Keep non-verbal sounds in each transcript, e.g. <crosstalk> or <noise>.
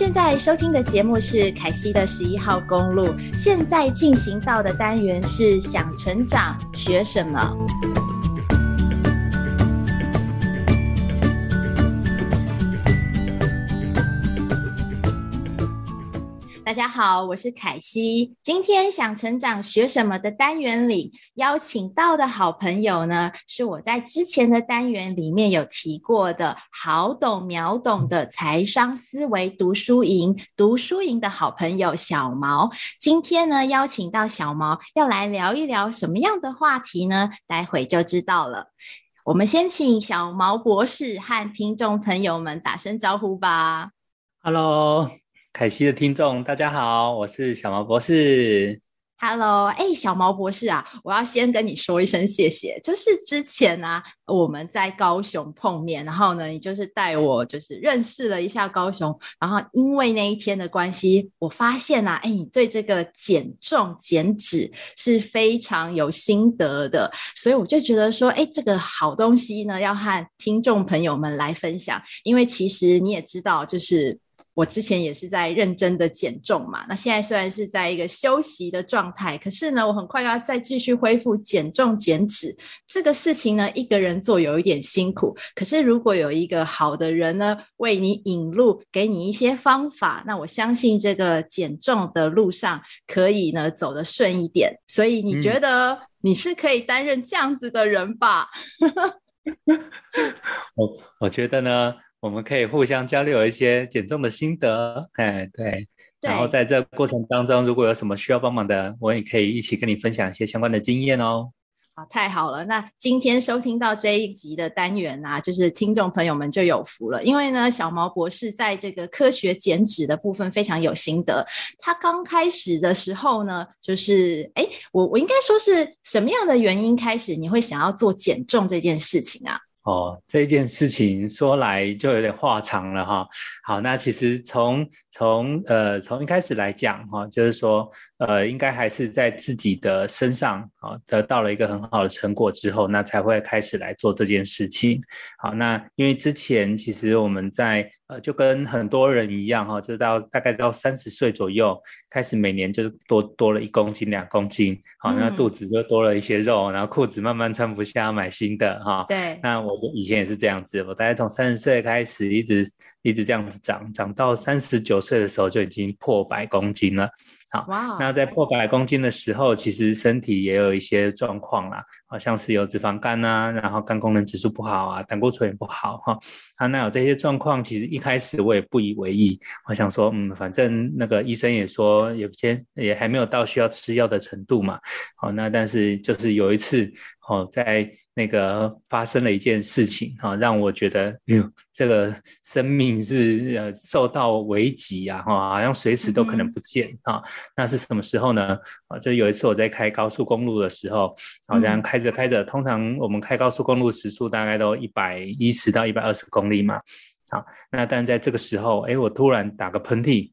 現在收聽的節目是凱西的十一號公路。現在進行到的單元是想成長，學什麼？大家好，我是凱西。今天想成長學什麼的單元裡邀請到的好朋友呢，是我在之前的單元裡面有提過的好懂秒懂的財商思維讀書營，讀書營的好朋友小毛。今天呢，邀請到小毛要來聊一聊什麼樣的話題呢？待會就知道了。我們先請小毛博士和聽眾朋友們打聲招呼吧。Hello。凱西的聽眾，大家好，我是小毛博士。Hello，哎、欸，小毛博士啊，我要先跟你說一聲謝謝。就是之前呢、啊，我們在高雄碰面，然後呢，你就是帶我就是認識了一下高雄。然後因為那一天的關係，我發現呢、啊，哎、欸，你對這個減重減脂是非常有心得的，所以我就覺得說，哎、欸，這個好東西呢，要和聽眾朋友們來分享。因為其實你也知道，就是。我之前也是在認真的減重嘛，那現在雖然是在一個休息的狀態，可是呢，我很快要再繼續恢復減重減脂。這個事情呢，一個人做有一點辛苦，可是如果有一個好的人呢，為你引路，給你一些方法，那我相信這個減重的路上可以呢走得順一點。所以你覺得你是可以擔任這樣子的人吧？ <laughs> 我我覺得呢。我們可以互相交流一些減重的心得，哎，對，對，然後在這個過程當中，如果有什麼需要幫忙的，我也可以一起跟你分享一些相關的經驗哦。好，啊，太好了！那今天收聽到這一集的單元啊，就是聽眾朋友們就有福了，因為呢，小毛博士在這個科學減脂的部分非常有心得。他剛開始的時候呢，就是哎，我我應該說是什麼樣的原因開始你會想要做減重這件事情啊？哦，這件事情說來就有點話長了哈。好，那其實從從呃從一開始來講哈，就是說呃應該還是在自己的身上啊得到了一個很好的成果之後，那才會開始來做這件事情。好，那因為之前其實我們在。呃，就跟很多人一樣哈、哦，就到大概到三十歲左右，開始每年就是多多了一公斤、兩公斤，好、哦，嗯、那肚子就多了一些肉，然後褲子慢慢穿不下，買新的哈。哦、對，那我以前也是這樣子，我大概從三十歲開始，一直一直這樣子長，長到三十九歲的時候就已經破百公斤了。好、哦，哇那在破百公斤的時候，其實身體也有一些狀況啦。好像是有脂肪肝吶、啊，然後肝功能指數不好啊，膽固醇也不好哈、啊。啊，那有這些狀況，其實一開始我也不以為意，我想說，嗯，反正那個醫生也說，有些也還沒有到需要吃藥的程度嘛。好、啊，那但是就是有一次，好、啊、在那個發生了一件事情，哈、啊，讓我覺得，哎、呃、呦，這個生命是呃受到危急啊，哈、啊，好像隨時都可能不見啊。那是什麼時候呢？啊，就有一次我在開高速公路的時候，好在開。開着開着，通常我們開高速公路時速大概都一百一十到一百二十公里嘛。好，那但在這個時候，哎，我突然打個噴嚏，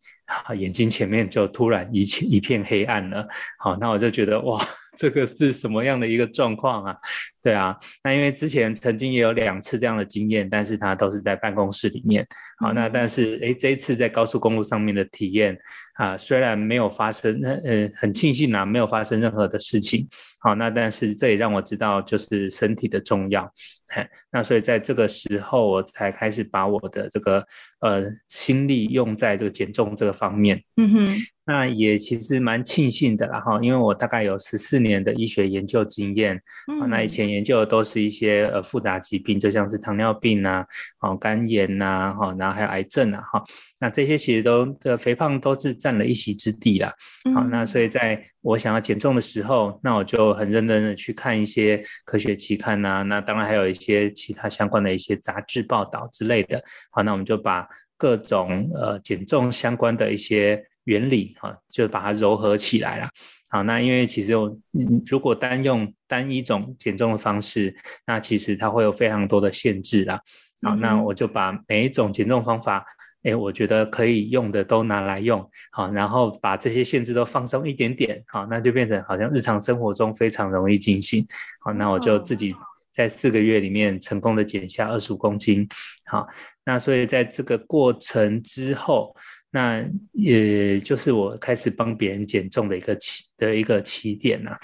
眼睛前面就突然一切一片黑暗了。好，那我就覺得哇，這個是什麼樣的一個狀況啊？對啊，那因為之前曾經也有兩次這樣的經驗，但是它都是在辦公室裡面。好，那但是哎，這一次在高速公路上面的體驗啊，雖然沒有發生，呃，很慶幸啊，沒有發生任何的事情。好，那但是這也讓我知道，就是身體的重要。那所以在這個時候，我才開始把我的這個呃心力用在這個減重這個方面。嗯哼。那也其實蠻慶幸的啦哈，因為我大概有十四年的醫學研究經驗。嗯、哼那以前研究的都是一些呃複雜疾病，就像是糖尿病啊，肝炎吶，哈，然後還有癌症啊，哈。那這些其實都、這個、肥胖都是占了一席之地啦、嗯、哼好，那所以在。我想要減重的時候，那我就很認真地去看一些科學期刊吶、啊，那當然還有一些其他相關的一些雜誌報道之類的。好，那我們就把各種呃減重相關的一些原理哈、啊，就把它糅合起來啦。好，那因為其實我如果單用單一種減重的方式，那其實它會有非常多的限制啦。好，那我就把每一種減重方法。誒，我覺得可以用的都拿來用好，然後把這些限制都放鬆一點點，好，那就變成好像日常生活中非常容易進行。好，那我就自己在四個月裡面成功的減下二十五公斤。好，那所以在這個過程之後，那也就是我開始幫別人減重的一個起的一個起點吶、啊。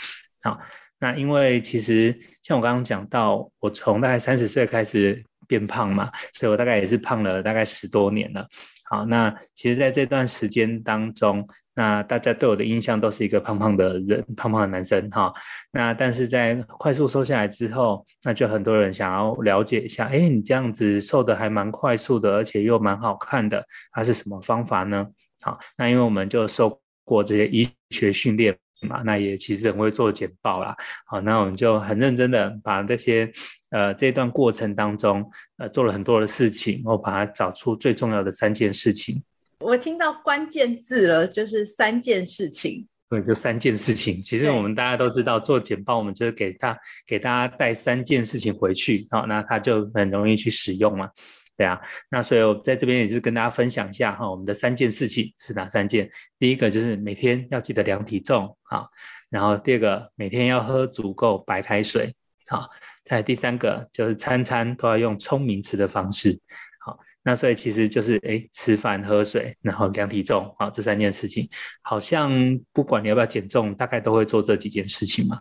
好，那因為其實像我剛剛講到，我從大概三十歲開始。變胖嘛，所以我大概也是胖了大概十多年了。好，那其實在這段時間當中，那大家對我的印象都是一個胖胖的人，胖胖的男生哈、哦。那但是在快速瘦下來之後，那就很多人想要了解一下，誒、欸，你這樣子瘦得還蠻快速的，而且又蠻好看的，它是什麼方法呢？好，那因為我們就受過這些醫學訓練。那也其實很會做簡報啦。好，那我們就很認真的把這些，呃，這段過程當中，呃，做了很多的事情，然後把它找出最重要的三件事情。我聽到關鍵字了，就是三件事情。對，就三件事情。其實我們大家都知道，對做簡報，我們就是給他給大家帶三件事情回去。好，那他就很容易去使用嘛。對啊，那所以我在這邊也就是跟大家分享一下哈、哦，我們的三件事情是哪三件？第一個就是每天要記得量體重哈、哦，然後第二個每天要喝足夠白開水哈、哦，再第三個就是餐餐都要用聰明吃的方式。好、哦，那所以其實就是哎吃飯喝水，然後量體重啊、哦，這三件事情，好像不管你要不要減重，大概都會做這幾件事情嘛。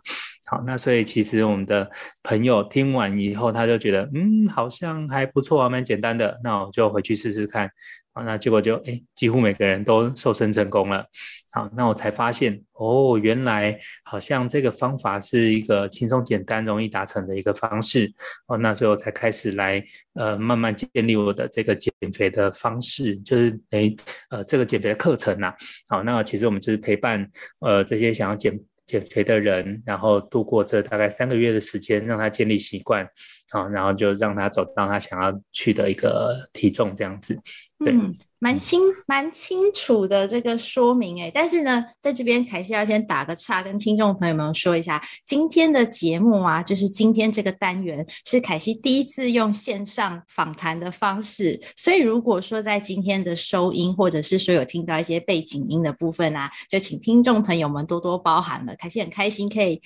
好，那所以其實我們的朋友聽完以後，他就覺得，嗯，好像還不錯啊，蠻簡單的。那我就回去試試看，好，那結果就，哎，幾乎每個人都瘦身成功了。好，那我才發現，哦，原來好像這個方法是一個輕鬆、簡單、容易達成的一個方式。哦，那所以我才開始來，呃，慢慢建立我的這個減肥的方式，就是，哎，呃，這個減肥的課程吶、啊。好，那其實我們就是陪伴，呃，這些想要減。減肥的人，然後度過這大概三個月的時間，讓他建立習慣。啊，然後就讓他走到他想要去的一個體重這樣子。對，蠻、嗯、清蠻清楚的這個說明哎、欸，但是呢，在這邊凱西要先打個岔，跟聽眾朋友們說一下，今天的節目啊，就是今天這個單元是凱西第一次用線上訪談的方式，所以如果說在今天的收音或者是說有聽到一些背景音的部分啊，就請聽眾朋友們多多包涵了。凱西很開心可以。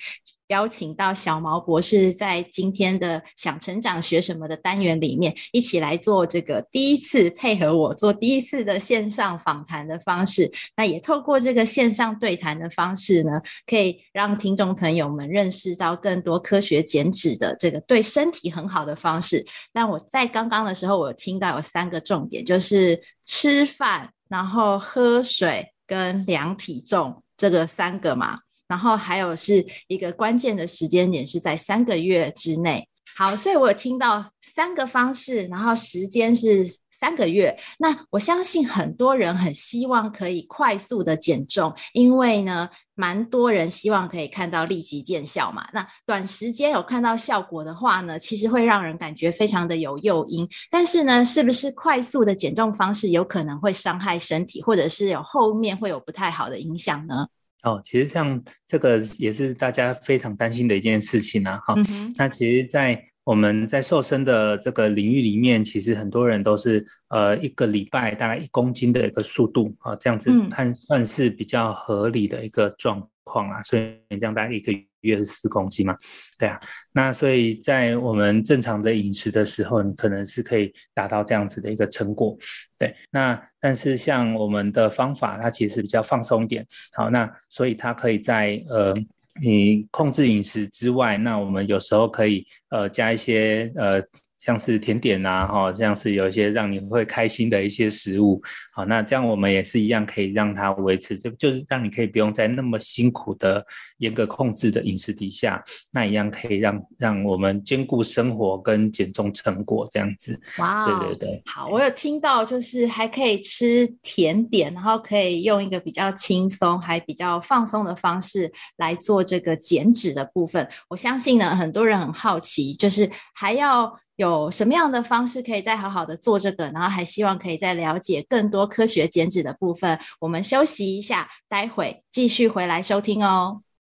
邀請到小毛博士在今天的想成長學什麼的單元裡面，一起來做這個第一次配合，我做第一次的線上訪談的方式。那也透過這個線上對談的方式呢，可以讓聽眾朋友們認識到更多科學減脂的這個對身體很好的方式。那我在剛剛的時候，我聽到有三個重點，就是吃飯，然後喝水跟量體重這個三個嘛。然後還有是一個關鍵的時間點是在三個月之內。好，所以我有聽到三個方式，然後時間是三個月。那我相信很多人很希望可以快速的減重，因為呢，蠻多人希望可以看到立即見效嘛。那短時間有看到效果的話呢，其實會讓人感覺非常的有誘因。但是呢，是不是快速的減重方式有可能會傷害身體，或者是有後面會有不太好的影響呢？哦，其實像這個也是大家非常擔心的一件事情呢、啊。哈、嗯哼，那、啊、其實，在我們在瘦身的這個領域裡面，其實很多人都是呃一個禮拜大概一公斤的一個速度啊，這樣子看算是比較合理的一個狀況啊，嗯、所以這樣大家也可以。月十四公斤嘛，對啊，那所以在我們正常的飲食的時候，你可能是可以達到這樣子的一個成果，對。那但是像我們的方法，它其實比較放鬆一點。好，那所以它可以在呃，你控制飲食之外，那我們有時候可以呃加一些呃。像是甜點吶，哈，像是有一些讓你會開心的一些食物，好，那這樣我們也是一樣，可以讓它維持，就就是讓你可以不用在那麼辛苦的嚴格控制的飲食底下，那一樣可以讓讓我們兼顧生活跟減重成果這樣子。哇，Wow. 對對對。好，我有聽到，就是還可以吃甜點，然後可以用一個比較輕鬆、還比較放鬆的方式來做這個減脂的部分。我相信呢，很多人很好奇，就是還要。有什麼樣的方式可以再好好的做這個？然後還希望可以再了解更多科學減脂的部分。我們休息一下，待會繼續回來收聽哦。